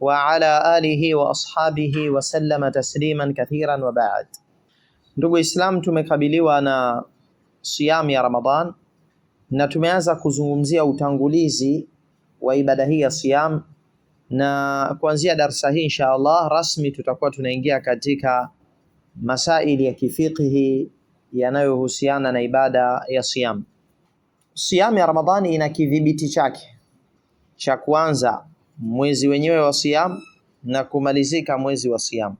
wa ala alihi wa ashabihi sallama tasliman kathiran wa baad. Ndugu Islam, tumekabiliwa na siamu ya Ramadhan na tumeanza kuzungumzia utangulizi wa ibada hii ya siam, na kuanzia darsa hii insha Allah rasmi tutakuwa tunaingia katika masaili ya kifiqhi yanayohusiana na ibada ya siam. Siyam ya Ramadhani ina kidhibiti chake cha kwanza mwezi wenyewe wa siyam na kumalizika mwezi wa siyam,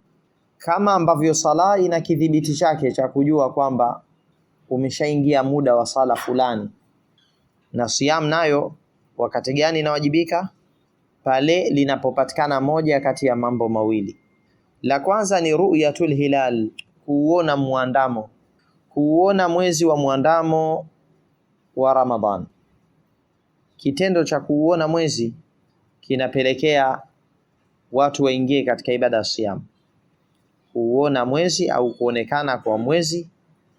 kama ambavyo sala ina kidhibiti chake cha kujua kwamba umeshaingia muda wa sala fulani, na siam nayo wakati gani inawajibika? Pale linapopatikana moja kati ya mambo mawili. La kwanza ni ru'yatul hilal, kuuona mwandamo, kuuona mwezi wa mwandamo wa Ramadhan. Kitendo cha kuuona mwezi kinapelekea watu waingie katika ibada ya siamu. Kuona mwezi au kuonekana kwa mwezi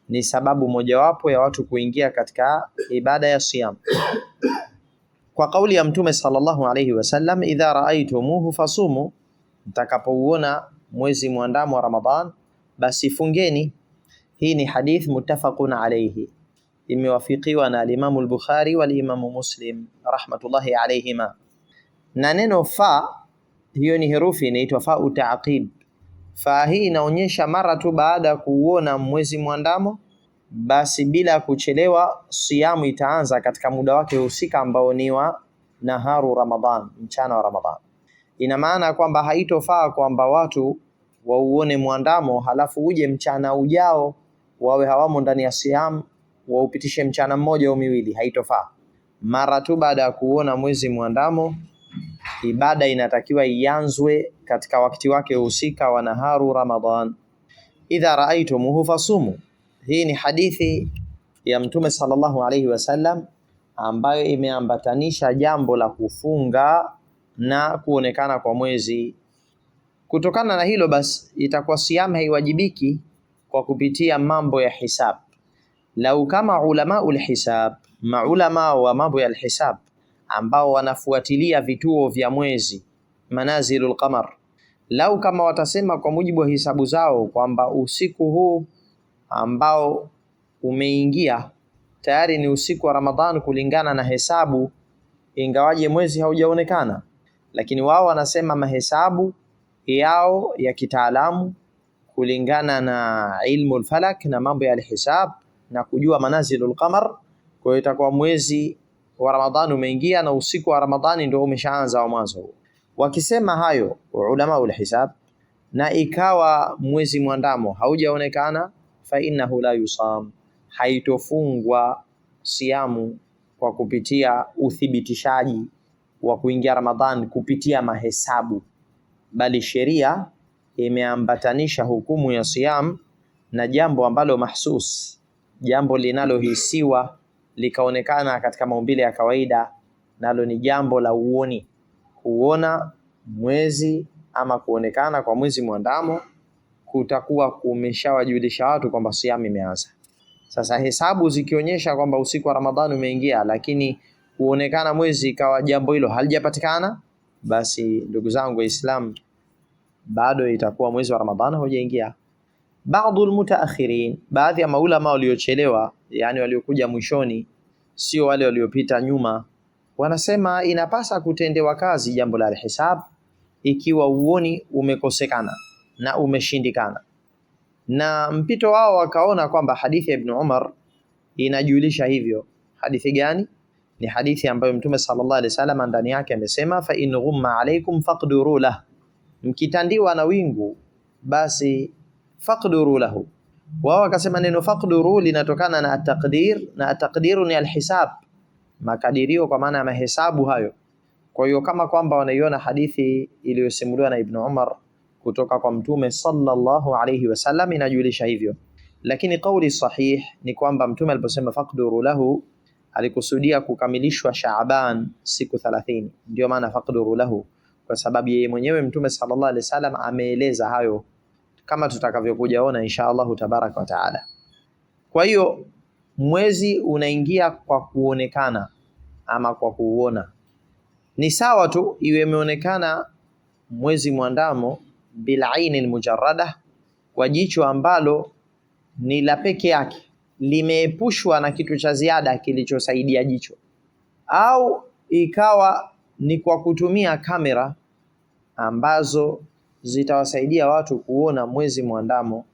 ni sababu mojawapo ya watu kuingia katika ibada ya siamu. Kwa kauli ya Mtume sallallahu alayhi wasallam, idha raaitumuhu fasumu, mtakapouona mwezi mwandamo wa Ramadhan basi fungeni. Hii ni hadith muttafaqun alayhi, imewafikiwa na alimamu al-Bukhari wal imamu Muslim rahmatullahi alayhima na neno fa hiyo ni herufi inaitwa fa taqib. Faa hii inaonyesha mara tu baada ya kuuona mwezi mwandamo, basi bila kuchelewa siamu itaanza katika muda wake husika ambao ni wa naharu Ramadhan, mchana wa Ramadhan. Ina maana kwamba haitofaa kwamba watu wauone mwandamo halafu uje mchana ujao wawe hawamo ndani ya siamu waupitishe mchana mmoja au miwili, haitofaa. Mara tu baada ya kuuona mwezi mwandamo ibada inatakiwa ianzwe katika wakati wake husika wa naharu Ramadhan. Idha raaitumuhu fasumu, hii ni hadithi ya Mtume sallallahu alayhi wasallam ambayo imeambatanisha jambo la kufunga na kuonekana kwa mwezi. Kutokana na hilo basi, itakuwa siamu haiwajibiki kwa kupitia mambo ya hisab. Lau kama ulama ulhisab, maulama wa mambo ya lhisab ambao wanafuatilia vituo vya mwezi manazilul qamar, lau kama watasema kwa mujibu wa hisabu zao kwamba usiku huu ambao umeingia tayari ni usiku wa Ramadhan kulingana na hesabu, ingawaje mwezi haujaonekana, lakini wao wanasema mahesabu yao ya kitaalamu kulingana na ilmu lfalak na mambo ya alhisab na kujua manazilul qamar, kwa hiyo itakuwa mwezi wa Ramadhani umeingia na usiku wa Ramadhani ndio umeshaanza wa mwanzo huo. Wakisema hayo ulama ul hisab, na ikawa mwezi mwandamo haujaonekana, fa innahu la yusam, haitofungwa siamu kwa kupitia uthibitishaji wa kuingia Ramadhani kupitia mahesabu, bali sheria imeambatanisha hukumu ya siamu na jambo ambalo mahsus, jambo linalohisiwa likaonekana katika maumbile ya kawaida, nalo ni jambo la uoni, kuona mwezi ama kuonekana kwa mwezi mwandamo, kutakuwa kumeshawajulisha watu kwamba siamu imeanza. Sasa hesabu zikionyesha kwamba usiku wa Ramadhani umeingia, lakini kuonekana mwezi ikawa jambo hilo halijapatikana, basi ndugu zangu Waislamu, bado itakuwa mwezi wa Ramadhani hujaingia. Baadhi baadhi ya maulama waliochelewa, yani waliokuja mwishoni, sio wale waliopita nyuma. Wanasema inapasa kutendewa kazi jambo la alhisab ikiwa uoni umekosekana na umeshindikana. Na mpito wao wakaona kwamba hadithi ya Ibn Umar inajulisha hivyo. Hadithi gani? Ni hadithi ambayo Mtume sallallahu alaihi wasallam ndani yake amesema, fa in ghumma alaikum faqduru lah, mkitandiwa na wingu basi faqduru lahu wao wakasema neno faqduru linatokana na ataqdir na atakdiru ni alhisab, makadirio kwa maana ya mahesabu hayo. Kwa hiyo kama kwamba wanaiona hadithi iliyosimuliwa na Ibn Umar kutoka kwa Mtume sallallahu alayhi wasallam inajulisha hivyo, lakini kauli sahih ni kwamba Mtume aliposema faqduru lahu alikusudia kukamilishwa Shaaban siku 30. Ndio maana faqduru lahu, kwa sababu yeye mwenyewe Mtume sallallahu alayhi wasallam ameeleza hayo kama tutakavyokuja ona insha Allahu tabaraka wa taala. Kwa hiyo mwezi unaingia kwa kuonekana ama kwa kuuona, ni sawa tu iwe imeonekana mwezi mwandamo aini mujarrada, kwa jicho ambalo ni la peke yake, limeepushwa na kitu cha ziada kilichosaidia jicho, au ikawa ni kwa kutumia kamera ambazo zitawasaidia watu kuona mwezi mwandamo,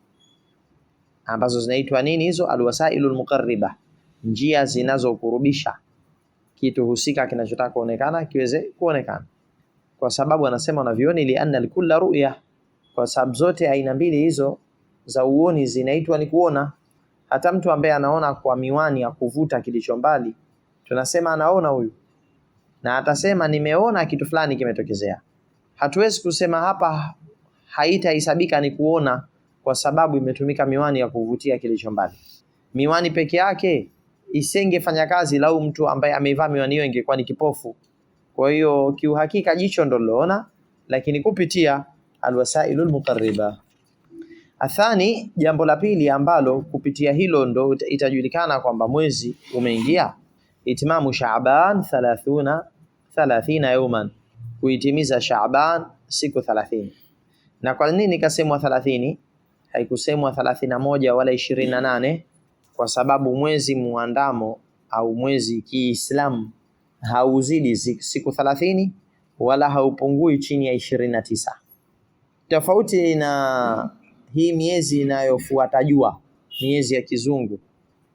ambazo zinaitwa nini hizo? Alwasailul muqarriba, njia zinazokurubisha kitu husika kinachotaka kuonekana kiweze kuonekana. Kwa sababu anasema wanavyoni, anna likulla ruya, kwa sababu zote aina mbili hizo za uoni zinaitwa ni kuona. Hata mtu ambaye anaona kwa miwani ya kuvuta kilicho mbali, tunasema anaona huyu, na atasema nimeona kitu fulani kimetokezea. Hatuwezi kusema hapa haitahesabika ni kuona, kwa sababu imetumika miwani ya kuvutia kilicho mbali. Miwani peke yake isingefanya kazi lau mtu ambaye ameivaa miwani hiyo ingekuwa ni kipofu. Kwa hiyo kiuhakika jicho ndo liloona, lakini kupitia alwasailu lmuqariba. Athani, jambo la pili ambalo kupitia hilo ndo itajulikana kwamba mwezi umeingia, itmamu Shaaban thalathina yauman kuitimiza Shaaban siku thalathini. Na kwa nini ikasemwa thalathini haikusemwa thalathini na moja wala ishirini na nane? Kwa sababu mwezi muandamo au mwezi Kiislamu hauzidi siku thalathini wala haupungui chini ya ishirini na tisa, tofauti na hii miezi inayofuata jua, miezi ya kizungu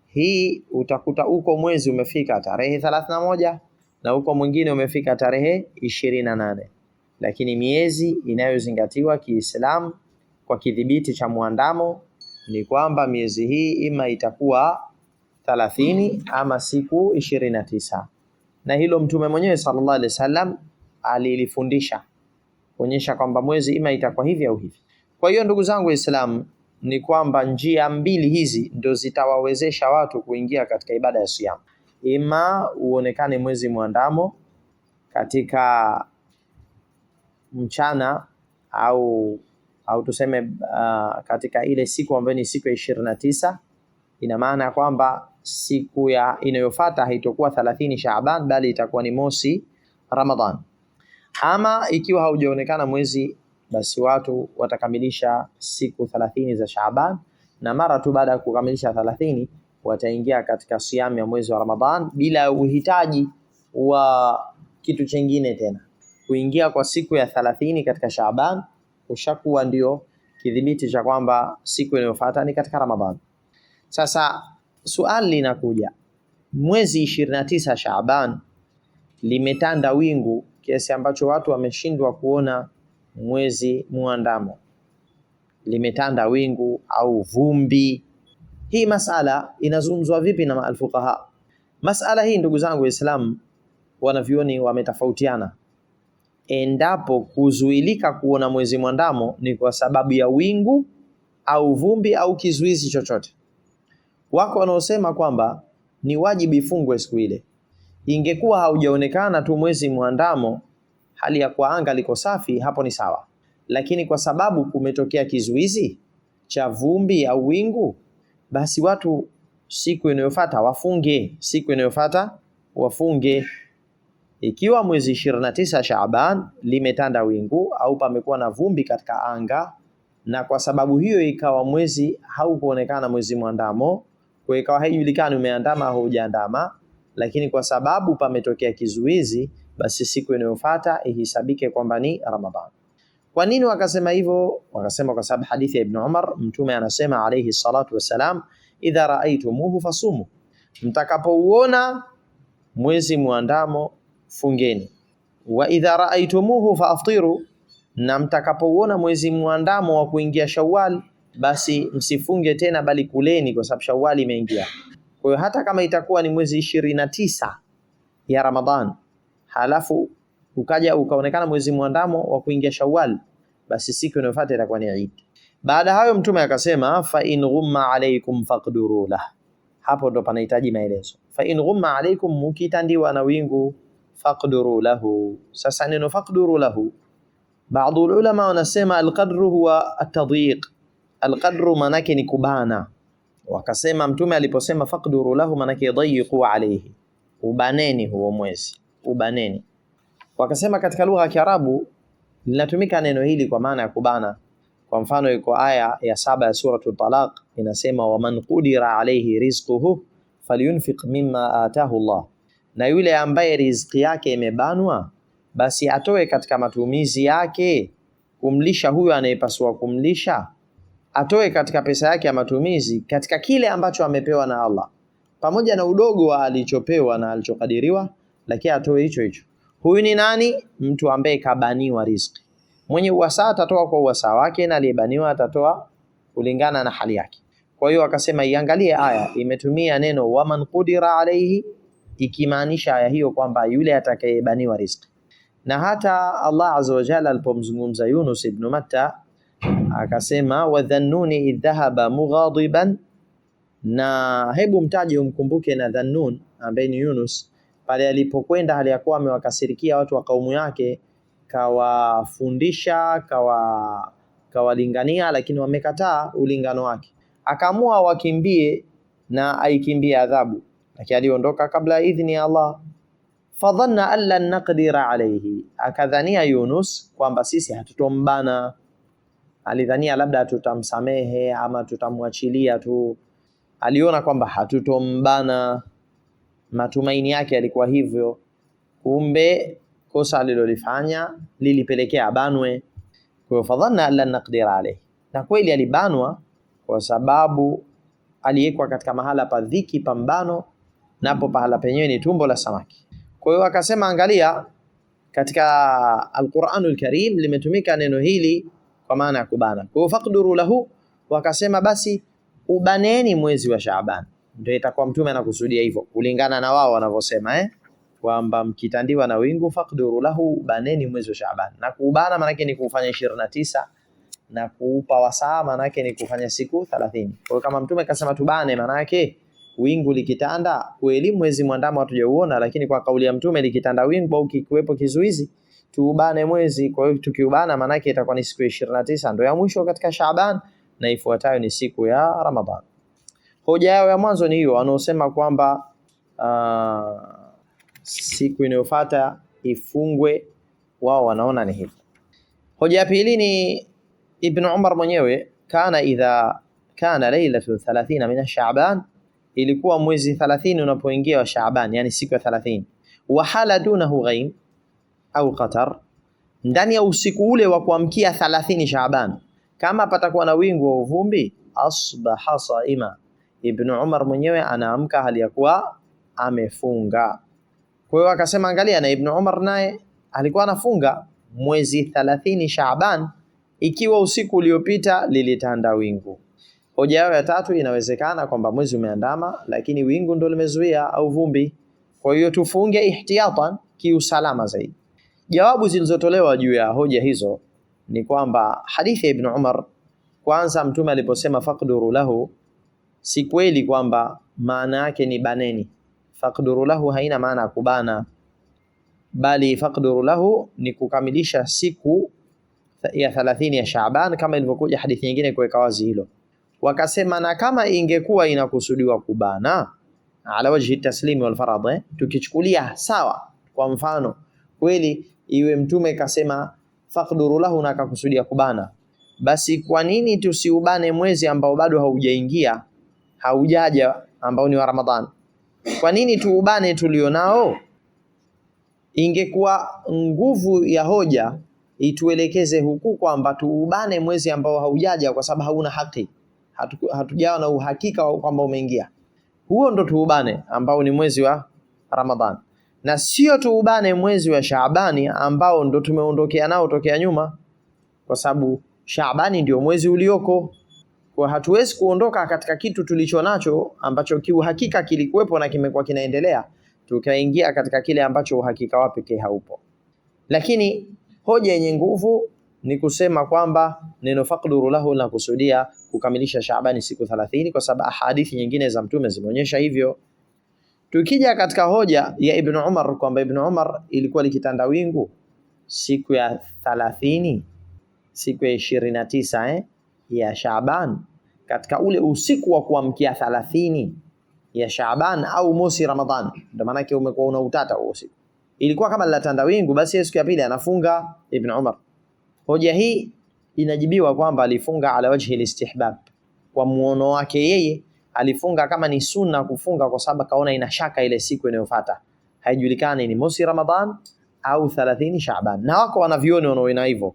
hii, utakuta uko mwezi umefika tarehe thalathini na moja na huko mwingine umefika tarehe ishirini na nane. Lakini miezi inayozingatiwa Kiislamu kwa kidhibiti cha mwandamo ni kwamba miezi hii ima itakuwa thalathini ama siku ishirini na tisa, na hilo Mtume mwenyewe sallallahu alaihi wasallam alilifundisha kuonyesha kwamba mwezi ima itakuwa hivi au hivi. Kwa hiyo ndugu zangu Waislamu, ni kwamba njia mbili hizi ndio zitawawezesha watu kuingia katika ibada ya siamu ima uonekane mwezi mwandamo katika mchana au au tuseme uh, katika ile siku ambayo ni siku ya ishirini na tisa ina maana kwamba siku ya inayofuata haitakuwa thalathini Shaaban bali itakuwa ni mosi Ramadhan. Ama ikiwa haujaonekana mwezi, basi watu watakamilisha siku thalathini za Shaaban, na mara tu baada ya kukamilisha thalathini wataingia katika siamu ya mwezi wa Ramadhan bila uhitaji wa kitu chingine tena. Kuingia kwa siku ya thalathini katika Shaaban kushakuwa ndio kidhibiti cha kwamba siku inayofuata ni katika Ramadhan. Sasa suali linakuja, mwezi 29 Shaaban limetanda wingu kiasi ambacho watu wameshindwa kuona mwezi muandamo, limetanda wingu au vumbi hii masala inazungumzwa vipi na maalfuqaha? Masala hii ndugu zangu Waislamu, wanavyoni wametofautiana endapo kuzuilika kuona mwezi mwandamo ni kwa sababu ya wingu au vumbi au kizuizi chochote. Wako wanaosema kwamba ni wajibu ifungwe siku ile, ingekuwa haujaonekana tu mwezi mwandamo hali ya kuwa anga liko safi, hapo ni sawa, lakini kwa sababu kumetokea kizuizi cha vumbi au wingu basi watu siku inayofuata wafunge, siku inayofuata wafunge. Ikiwa mwezi 29 Shaaban limetanda wingu au pamekuwa na vumbi katika anga, na kwa sababu hiyo ikawa mwezi haukuonekana mwezi mwandamo, kwa ikawa haijulikani umeandama au hujaandama, lakini kwa sababu pametokea kizuizi, basi siku inayofuata ihisabike kwamba ni Ramadhani. Kwa nini wakasema hivyo? Wakasema kwa sababu hadithi ya Ibn Umar, mtume anasema alayhi salatu wassalam, idha raaitumuhu fasumu, mtakapouona mwezi mwandamo fungeni. Wa idha raaitumuhu faaftiru, na mtakapouona mwezi mwandamo wa kuingia Shawwal basi msifunge tena, bali kuleni, kwa sababu Shawwal imeingia. Kwa hiyo hata kama itakuwa ni mwezi ishirini na tisa ya Ramadhan halafu ukaja ukaonekana mwezi mwandamo wa kuingia Shawwal, basi siku inayofuata itakuwa ni Eid. Baada hayo Mtume akasema fa in ghumma alaykum faqduru lah. Hapo ndo panahitaji maelezo. Fa in ghumma alaykum, mukitandiwa na wingu, faqduru lahu. Sasa neno faqduru lahu, baadhi ulama wanasema alqadru huwa atadhiq. Alqadru manake ni kubana, wakasema Mtume aliposema faqduru lahu manake dhayiqu alayhi, ubaneni huo mwezi, ubaneni Wakasema katika lugha ya Kiarabu linatumika neno hili kwa maana ya kubana. Kwa mfano iko aya ya saba ya sura Talaq inasema, waman qudira alayhi rizquhu falyunfiq mimma atahu Allah, na yule ambaye riziki yake imebanwa basi atoe katika matumizi yake, kumlisha huyo anayepaswa kumlisha, atoe katika pesa yake ya matumizi, katika kile ambacho amepewa na Allah, pamoja na udogo wa alichopewa na alichokadiriwa, lakini atoe hicho hicho. Huyu ni nani? Mtu ambaye kabaniwa riziki. Mwenye uwasaa atatoa kwa uwasaa wake na aliyebaniwa atatoa kulingana na hali yake. Kwa hiyo akasema iangalie aya imetumia neno waman qudira alayhi, ikimaanisha aya hiyo kwamba yule atakayebaniwa riziki. Na hata Allah azza wa jalla alipomzungumza Yunus ibn Matta akasema wadhannuni dhannuni dhahaba mughadiban, na hebu mtaje umkumbuke na dhannun ambaye ni Yunus pale alipokwenda hali ya kuwa amewakasirikia watu wa kaumu yake, kawafundisha kawa kawalingania, lakini wamekataa ulingano wake, akaamua wakimbie na aikimbie adhabu, lakini aliondoka kabla ya idhini ya Allah. Fadhanna an lan naqdira alayhi, akadhania Yunus kwamba sisi hatutombana. Alidhania labda tutamsamehe ama tutamwachilia tu, aliona kwamba hatutombana Matumaini yake yalikuwa hivyo, kumbe kosa alilolifanya lilipelekea abanwe. Kwa hiyo fadhanna alla naqdira alayhi, na kweli alibanwa kwa sababu aliwekwa katika mahala pa dhiki, pambano, napo pahala penyewe ni tumbo la samaki. Kwa hiyo akasema, angalia katika Alquranul Karim limetumika neno hili kwa maana ya kubana. Kwa hiyo faqduru lahu, wakasema basi ubaneni mwezi wa Shaaban ndio itakuwa mtume anakusudia hivyo kulingana na wao wanavyosema eh, kwamba mkitandiwa na wingu faqduru lahu, baneni mwezi wa Shaaban. Na kuubana maana yake ni kufanya 29 na kuupa wasaa maana yake ni kufanya siku 30. Kwa hiyo kama mtume kasema tubane, maana yake wingu likitanda, kwa elimu mwezi mwandamo hatujauona, lakini kwa kauli ya mtume likitanda wingu au kikiwepo kizuizi tuubane mwezi. Kwa hiyo tukiubana, maana yake itakuwa ni siku 29 ndio ya mwisho katika Shaaban, na ifuatayo ni siku ya Ramadhan. Hoja yao ya mwanzo ni hiyo wanaosema kwamba uh, siku inayofuata ifungwe, wao wanaona ni hivyo. Hoja ya pili ni Ibn Umar mwenyewe, kana idha kana lailatu 30 min shaban ilikuwa mwezi 30 unapoingia wa shaban yani siku ya 30, wa hala dunahu ghaim au qatar, ndani ya usiku ule wa kuamkia 30 shaban kama patakuwa na wingu wa uvumbi, asbaha saima Ibnu Umar mwenyewe anaamka hali ya kuwa amefunga. Kwa hiyo akasema, angalia na Ibnu Umar naye alikuwa anafunga mwezi 30 Shaaban, ikiwa usiku uliopita lilitanda wingu. Hoja yao ya tatu, inawezekana kwamba mwezi umeandama, lakini wingu ndo limezuia au vumbi. Kwa hiyo tufunge ihtiyatan, kiusalama zaidi. Jawabu zilizotolewa juu ya hoja hizo ni kwamba hadithi ya Ibn Umar, kwanza Mtume aliposema faqduru lahu si kweli kwamba maana yake ni baneni. Faqduru lahu haina maana kubana, bali faqduru lahu ni kukamilisha siku ya 30 ya Shaaban, kama ilivyokuja hadithi nyingine kuweka wazi hilo. Wakasema na kama ingekuwa inakusudiwa kubana ala wajhi taslimi wal farad eh, tukichukulia sawa, kwa mfano kweli iwe mtume kasema faqduru lahu na akakusudia kubana, basi kwa nini tusiubane mwezi ambao bado haujaingia haujaja ambao ni wa ramadhan Kwa nini tuubane tulionao? Ingekuwa nguvu ya hoja ituelekeze huku kwamba tuubane mwezi ambao haujaja, kwa sababu hauna haki, hatujawa na uhakika kwamba umeingia. Huo ndo tuubane ambao ni mwezi wa ramadhan na sio tuubane mwezi wa Shaabani ambao ndo tumeondokea nao tokea nyuma, kwa sababu Shaabani ndio mwezi ulioko kwa hatuwezi kuondoka katika kitu tulicho nacho ambacho kiuhakika kilikuwepo na kimekuwa kinaendelea, tukaingia katika kile ambacho uhakika wa pekee haupo. Lakini hoja yenye nguvu ni kusema kwamba neno faqduru lahu linakusudia kukamilisha Shaabani siku 30 kwa sababu hadithi nyingine za Mtume zimeonyesha hivyo. Tukija katika hoja ya Ibn Umar kwamba Ibn Umar ilikuwa likitanda wingu siku ya 30 siku ya 29 eh ya Shaaban, katika ule usiku wa kuamkia thalathini ya Shaaban au mosi Ramadhan. Ndio maana yake umekuwa una utata huo usiku. Ilikuwa kama lilatanda wingu, basi siku ya pili anafunga Ibn Umar. Hoja hii inajibiwa kwamba alifunga ala wajhi alistihbab, kwa muono wake yeye alifunga kama ni sunna kufunga, kwa sababu kaona ina shaka ile siku inayofuata haijulikani ni mosi Ramadhan au 30 Shaaban, na wako wanavyoni wanaona hivyo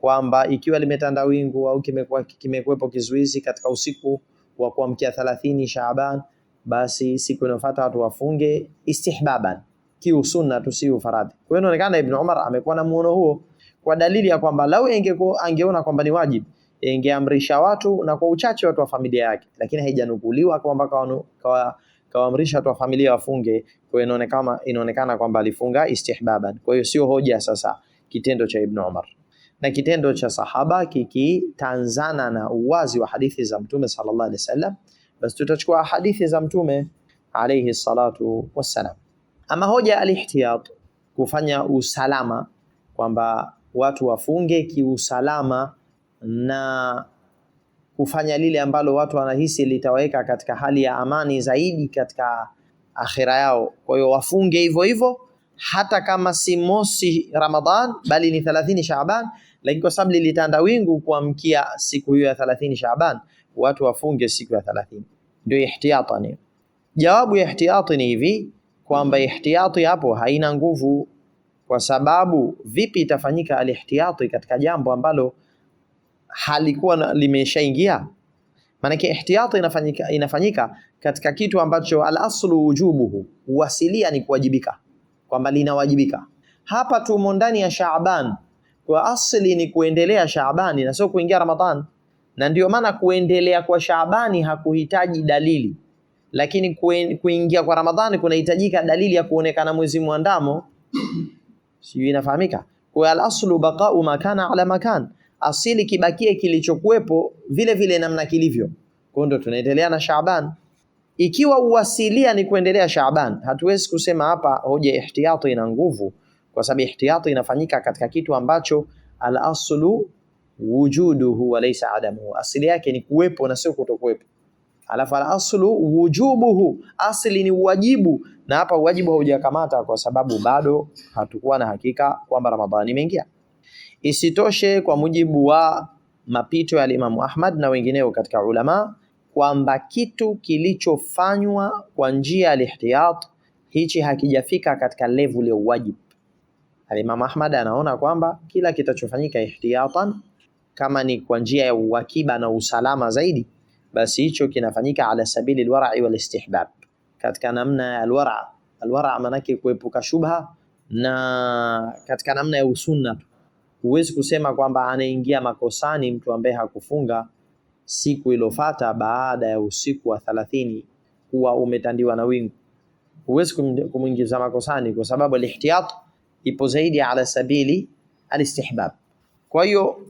kwamba ikiwa limetanda wingu au kimekuwa kimekuwepo kizuizi katika usiku wa kuamkia 30 Shaaban, basi siku inayofuata watu wafunge istihbaban, kiu sunna tusiu faradhi. Kwa hiyo inaonekana Ibn Umar amekuwa na muono huo kwa dalili ya kwamba lau angeona kwamba ni wajibu ingeamrisha watu na kwa uchache watu wa familia yake, lakini haijanukuliwa kwamba kawaamrisha kwa, watu wa familia wafunge. Kwa hiyo inaonekana kwamba alifunga istihbaban. Kwa hiyo sio hoja sasa kitendo cha Ibn Umar na kitendo cha sahaba kikitanzana na uwazi wa hadithi za Mtume sallallahu alaihi wasallam, basi tutachukua hadithi za Mtume alaihi salatu wassalam. Ama hoja alihtiyat, kufanya usalama, kwamba watu wafunge kiusalama na kufanya lile ambalo watu wanahisi litawaweka katika hali ya amani zaidi katika akhira yao. Kwa hiyo wafunge hivyo hivyo hata kama si mosi Ramadhan bali ni 30 Shaaban, lakini kwa sababu lilitanda wingu kuamkia siku hiyo ya 30 Shaaban, watu wafunge siku ya 30. Ndio ni Jawabu ya ihtiyati ni hivi kwamba ihtiyati hapo haina nguvu, kwa sababu vipi itafanyika alihtiyati katika jambo ambalo halikuwa limeshaingia? Maanake ihtiyati inafanyika, inafanyika katika kitu ambacho al-aslu wujubuhu, uasilia ni kuwajibika kwamba linawajibika. Hapa tumo ndani ya Shaaban, kwa asli ni kuendelea Shaabani na sio kuingia Ramadhan, na ndio maana kuendelea kwa Shaabani hakuhitaji dalili, lakini kuingia kwa Ramadhani kunahitajika dalili ya kuonekana mwezi mwandamo. Sijui inafahamika kwa al-aslu baqa'u makana ala makan, asili kibakie kilichokuwepo vile vile namna kilivyo. Kwa ndio tunaendelea na Shaaban. Ikiwa uwasilia ni kuendelea Shaaban, hatuwezi kusema hapa hoja ihtiyati ina nguvu, kwa sababu ihtiyati inafanyika katika kitu ambacho al-aslu wujuduhu wa laysa adamuhu, asili yake ni kuwepo na sio kutokuwepo. Alafu al-aslu wujubuhu, asili ni wajibu, na hapa wajibu haujakamata kwa sababu bado hatukuwa na hakika kwamba Ramadhani imeingia. Isitoshe, kwa mujibu wa mapito ya Imam Ahmad na wengineo katika ulama kwamba kitu kilichofanywa kwa njia ya lihtiyat hichi hakijafika katika level ya uwajib. Alimamu Ahmad anaona kwamba kila kitachofanyika ihtiyatan, kama ni kwa njia ya uwakiba na usalama zaidi, basi hicho kinafanyika ala sabili alwar'i walistihbab, katika namna ya alwara. Alwara maanake kuepuka shubha na katika namna ya usunna. Huwezi kusema kwamba anaingia makosani mtu ambaye hakufunga siku ilofata baada ya usiku wa thalathini kuwa umetandiwa na wingu. Huwezi kumwingiza makosani, kwa sababu alihtiyat ipo zaidi ala sabili alistihbab. Kwa hiyo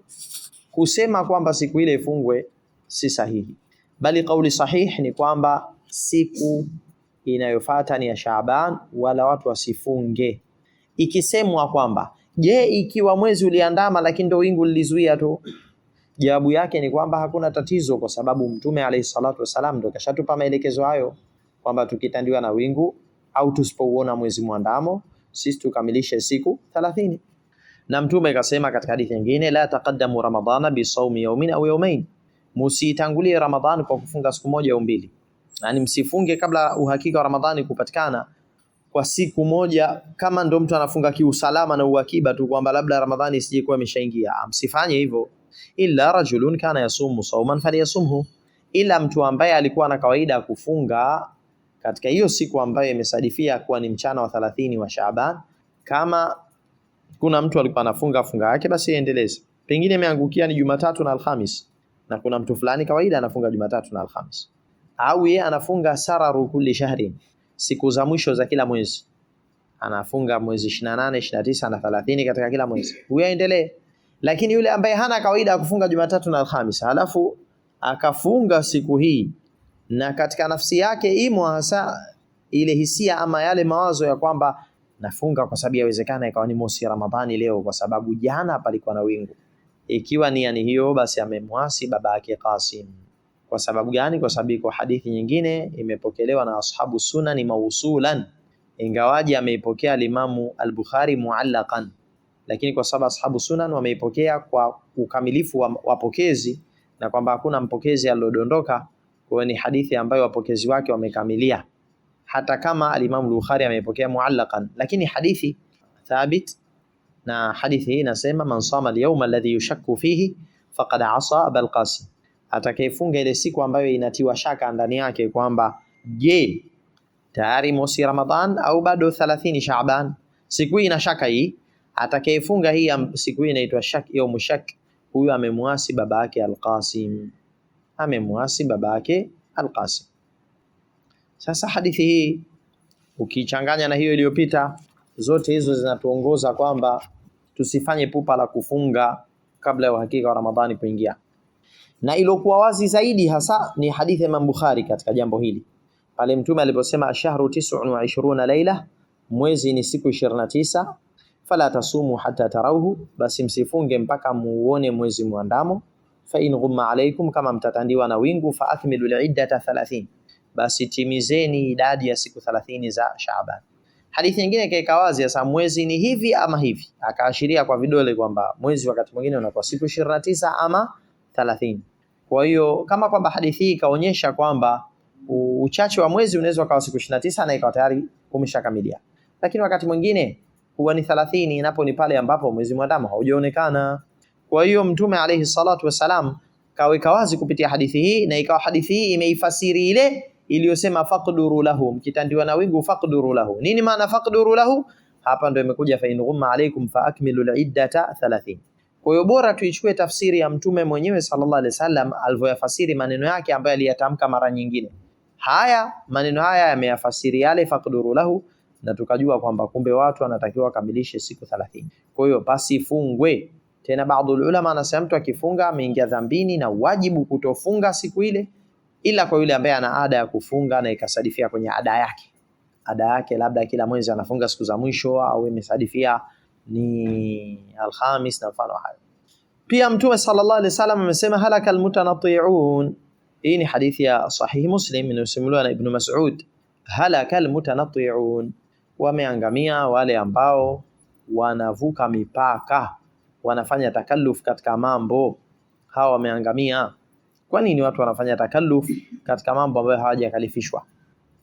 kusema kwamba siku ile ifungwe si sahihi, bali kauli sahih ni kwamba siku inayofata ni ya Shaaban, wala watu wasifunge. Ikisemwa kwamba je, ikiwa mwezi uliandama lakini ndio wingu lilizuia tu Jawabu yake ni kwamba hakuna tatizo, kwa sababu Mtume alayhi salatu wasalam ndo kashatupa maelekezo hayo kwamba tukitandiwa na wingu au tusipouona mwezi mwandamo sisi tukamilishe siku 30. Na Mtume akasema katika hadithi nyingine, la taqaddamu ramadhana bi sawmi yawmin au yawmayn, musitangulie Ramadhani kwa kufunga siku moja au mbili. Yani msifunge kabla uhakika wa Ramadhani kupatikana kwa siku moja, kama ndo mtu anafunga kiusalama na uhakiba tu kwamba labda Ramadhani isije kuwa imeshaingia. Msifanye hivyo illa rajulun kana yasumu sauman falyasumhu, ila mtu ambaye alikuwa na kawaida ya kufunga katika hiyo siku ambayo imesadifia kuwa ni mchana wa 30 wa Shaaban. Kama kuna mtu alikuwa anafunga funga yake, basi iendeleze. Pengine imeangukia ni Jumatatu na Alhamis, na kuna mtu fulani kawaida anafunga Jumatatu na Alhamis, au yeye anafunga sararu kulli shahrin, siku za mwisho za kila mwezi, anafunga mwezi 28, 29 na 30 katika kila mwezi, huyo aendelee. Lakini yule ambaye hana kawaida ya kufunga Jumatatu na Alhamisi, halafu akafunga siku hii, na katika nafsi yake imo hasa ile hisia ama yale mawazo ya kwamba nafunga kwa sababu yawezekana ikawa ni mosi ya Ramadhani leo, kwa sababu jana palikuwa na wingu. Ikiwa ni yani hiyo, basi amemwasi baba yake Qasim. Kwa sababu gani? Kwa sababu iko hadithi nyingine imepokelewa na ashabu sunani mausulan, ingawaji ameipokea alimamu al-Bukhari muallaqan lakini kwa sababu ashabu sunan wameipokea kwa ukamilifu wa wapokezi na kwamba hakuna mpokezi aliyodondoka, kwa ni hadithi ambayo wapokezi wake wamekamilia, hata kama alimamu Bukhari ameipokea muallaqan, lakini hadithi thabit. Na hadithi hii inasema man sama al-yawma alladhi yushakku fihi faqad asa Abul Qasim, atakayefunga ile siku ambayo inatiwa shaka ndani yake kwamba je, tayari mosi Ramadhan au bado 30 Shaaban, siku hii ina shaka hii Atakayefunga hii siku hii inaitwa shak yaumu shak, huyu amemwasi baba yake Alqasim, amemwasi baba yake Alqasim. Sasa hadithi hii ukichanganya na hiyo iliyopita, zote hizo zinatuongoza kwamba tusifanye pupa la kufunga kabla ya uhakika wa Ramadhani kuingia, na ilokuwa wazi zaidi hasa ni hadithi ya Imam Bukhari katika jambo hili pale Mtume aliposema ashharu tis'un wa ishruna laila, mwezi ni siku 29 fala tasumu hatta tarauhu, basi msifunge mpaka muone mwezi mwandamo. Fa in ghumma alaykum, kama mtatandiwa na wingu. Fa akmilu al-iddata 30, basi timizeni idadi ya siku 30 za Shaaban. Hadithi nyingine kaika wazi hasa mwezi ni hivi ama hivi, akaashiria kwa vidole kwamba mwezi wakati mwingine unakuwa siku 29 ama 30. Kwa hiyo kama kwamba hadithi hii ikaonyesha kwamba uchache wa mwezi unaweza ukawa siku 29 na ikawa tayari umeshakamilia, lakini wakati mwingine huwa ni thalathini, napo ni pale ambapo mwezi mwadama haujaonekana. Kwa hiyo Mtume alayhi salatu wasalam kaweka wazi kupitia hadithi hii, na ikawa hadithi hii imeifasiri ile iliyosema faqduru lahu, mkitandiwa na wingu faqduru lahu. Nini maana faqduru lahu? Hapa ndio imekuja fa in ghumma alaykum fa akmilu al-iddata 30. Kwa hiyo bora tuichukue tafsiri ya Mtume mwenyewe sallallahu alaihi wasallam alivyoyafasiri maneno yake ambayo aliyatamka mara nyingine. Haya maneno haya yameyafasiri yale faqduru lahu na tukajua kwamba kumbe watu anatakiwa wakamilishe siku 30. Kwa hiyo basi fungwe tena. Baadhi ya ulama anasema mtu akifunga ameingia dhambini, na wajibu kutofunga siku ile, ila kwa yule ambaye ana ada ya kufunga na ikasadifia kwenye ada yake, ada yake labda kila mwezi anafunga siku za mwisho, au imesadifia ni Alhamis na mfano hayo. Pia Mtume sallallahu alaihi wasallam amesema halaka almutanatiun. Hii ni hadithi ya sahihi Muslim inayosimuliwa na Ibn Mas'ud, halaka almutanatiun wameangamia wale ambao wanavuka mipaka, wanafanya takalluf katika mambo, hawa wameangamia. Kwa nini watu wanafanya takalluf katika mambo ambayo hawajakalifishwa?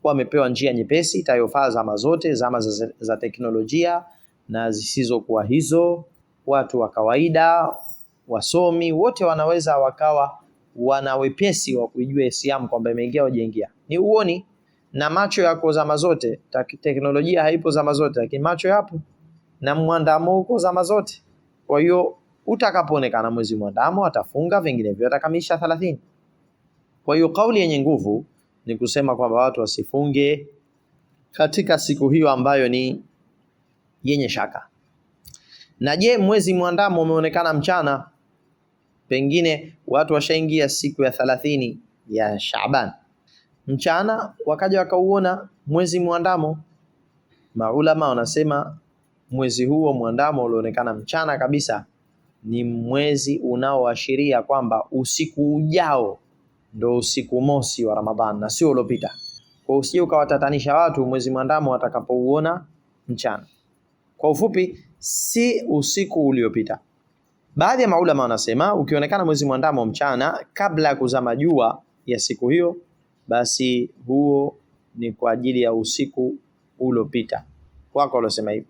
Wamepewa njia nyepesi itayofaa zama zote, zama za, za teknolojia na zisizokuwa hizo. Watu wa kawaida, wasomi wote wanaweza wakawa wana wepesi wa kuijua Islam kwamba imeingia au ni uoni na macho yako zama zote. Teknolojia haipo zama zote, lakini macho yapo na mwandamo uko zama zote. Kwa hiyo utakapoonekana mwezi mwandamo atafunga, vinginevyo atakamisha thalathini. Kwa hiyo kauli yenye nguvu ni kusema kwamba watu wasifunge katika siku hiyo ambayo ni yenye shaka. Na je, mwezi mwandamo umeonekana mchana, pengine watu washaingia siku ya thalathini ya Shaaban mchana wakaja wakauona mwezi mwandamo. Maulama wanasema mwezi huo mwandamo ulionekana mchana kabisa ni mwezi unaoashiria kwamba usiku ujao ndo usiku mosi wa Ramadhani na sio uliopita. Kwa usije ukawatatanisha watu mwezi mwandamo watakapouona mchana. Kwa ufupi, si usiku uliopita. Baadhi ya maulama wanasema ukionekana mwezi mwandamo mchana kabla ya kuzama jua ya siku hiyo basi huo ni kwa ajili ya usiku uliopita kwako waliosema hivyo,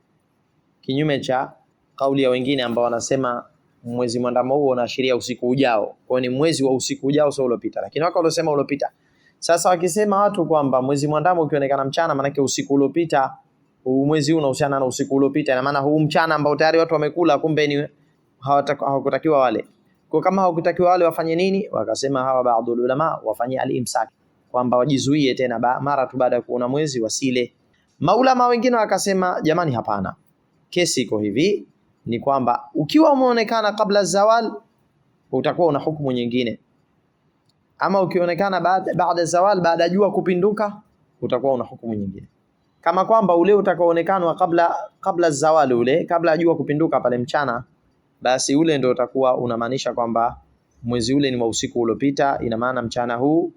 kinyume cha kauli ya wengine ambao wanasema mwezi mwandamo huo unaashiria usiku ujao, kwa ni mwezi wa usiku ujao, sio uliopita, lakini wako waliosema uliopita. Sasa wakisema watu kwamba mwezi mwandamo ukionekana mchana, maanake usiku uliopita huu mwezi huu unahusiana na usiku uliopita, na maana huu mchana ambao tayari watu wamekula, kumbe ni hawakutakiwa wale. Kwa kama hawakutakiwa wale wafanye nini? Wakasema hawa baadhi ulama wafanye alimsaki kwamba wajizuie tena ba, mara tu baada ya kuona mwezi wasile. Maulama wengine wakasema, jamani, hapana, kesi iko hivi, ni kwamba ukiwa umeonekana kabla zawal utakuwa una hukumu nyingine, ama ukionekana baada baada zawal, baada jua kupinduka, utakuwa una hukumu nyingine, kama kwamba ule utakaoonekana kabla kabla zawal, ule kabla jua kupinduka pale mchana, basi ule ndio utakuwa unamaanisha kwamba mwezi ule ni wa usiku uliopita, ina maana mchana huu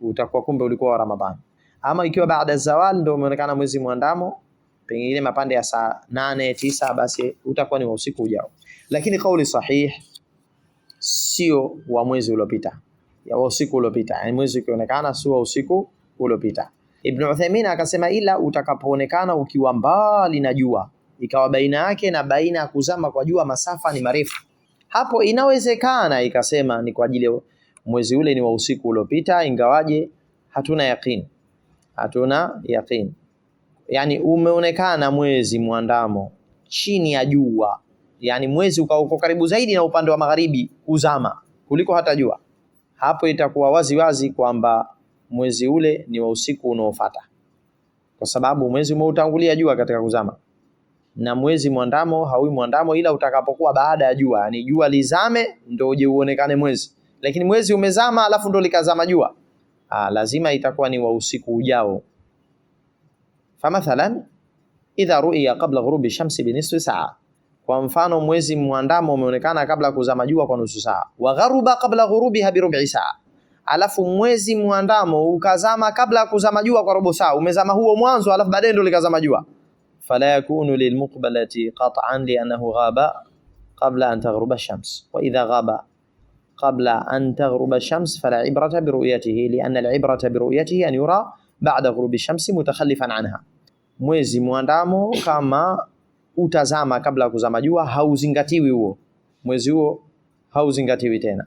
utakuwa kumbe ulikuwa wa Ramadhani. Ama ikiwa baada ya zawal ndio umeonekana mwezi mwandamo, pengine mapande ya saa nane tisa, basi utakuwa ni wa usiku ujao. Lakini kauli sahih sio wa mwezi uliopita, ya wa usiku uliopita, yani mwezi ukionekana sio wa usiku uliopita. Ibn Uthaymeen akasema, ila utakapoonekana ukiwa mbali na jua, ikawa baina yake na baina ya kuzama kwa jua masafa ni marefu, hapo inawezekana ikasema ni kwa ajili mwezi ule ni wa usiku uliopita, ingawaje hatuna yaqini, hatuna yaqini. Yani umeonekana mwezi mwandamo chini ya jua, yani mwezi ukawa uko karibu zaidi na upande wa magharibi kuzama kuliko hata jua, hapo itakuwa wazi wazi kwamba mwezi ule ni wa usiku unaofuata, kwa sababu mwezi umeutangulia jua katika kuzama na mwezi mwandamo haui mwandamo ila utakapokuwa baada ya jua, yani jua lizame ndio uje uonekane mwezi lakini mwezi umezama alafu ndo likazama jua, ah, lazima itakuwa ni wa usiku ujao. Famathalan idha ruiya qabla ghurubi shamsi binisfi saa, kwa mfano mwezi mwandamo umeonekana kabla kuzama jua kwa nusu saa. Wa gharuba qabla ghurubiha bi rubi saa, alafu mwezi mwandamo ukazama kabla kuzama jua kwa robo saa. Umezama huo mwanzo, alafu baadaye ndo likazama jua. Fala yakunu lilmuqbalati qat'an li'annahu ghaba qabla an taghruba shams wa idha ghaba qabla an taghruba shams fala ibrata biruyatihi lianna alibrata biruyatihi an yura baada ghurubi shamsi mutakhallifan anha, mwezi mwandamo kama utazama kabla ya kuzama jua hauzingatiwi huo mwezi, huo hauzingatiwi tena.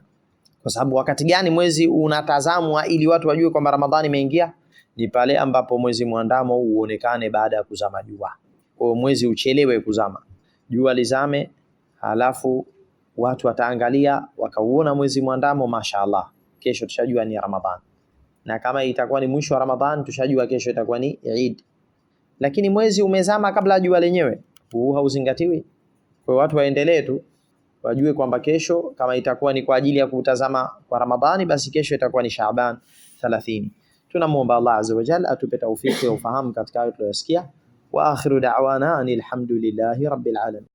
Kwa sababu wakati gani mwezi unatazamwa ili watu wajue kwamba Ramadhani imeingia? Ni pale ambapo mwezi mwandamo uonekane baada ya kuzama jua. Kwa mwezi uchelewe kuzama, jua lizame halafu watu wataangalia wakauona mwezi mwandamo, mashaallah, kesho tushajua ni Ramadhan, na kama itakuwa ni mwisho wa Ramadhan tushajua kesho itakuwa ni Eid. Lakini mwezi umezama kabla jua lenyewe, huu hauzingatiwi. Kwa watu waendelee tu wajue kwamba kesho kama itakuwa ni kwa ajili ya kutazama kwa Ramadhani, basi kesho itakuwa ni Shaaban 30. Tunamuomba Allah azza wa jalla atupe taufiki ya ufahamu katika hayo tuliyosikia. Wa akhiru da'wana anil hamdulillahi rabbil alamin.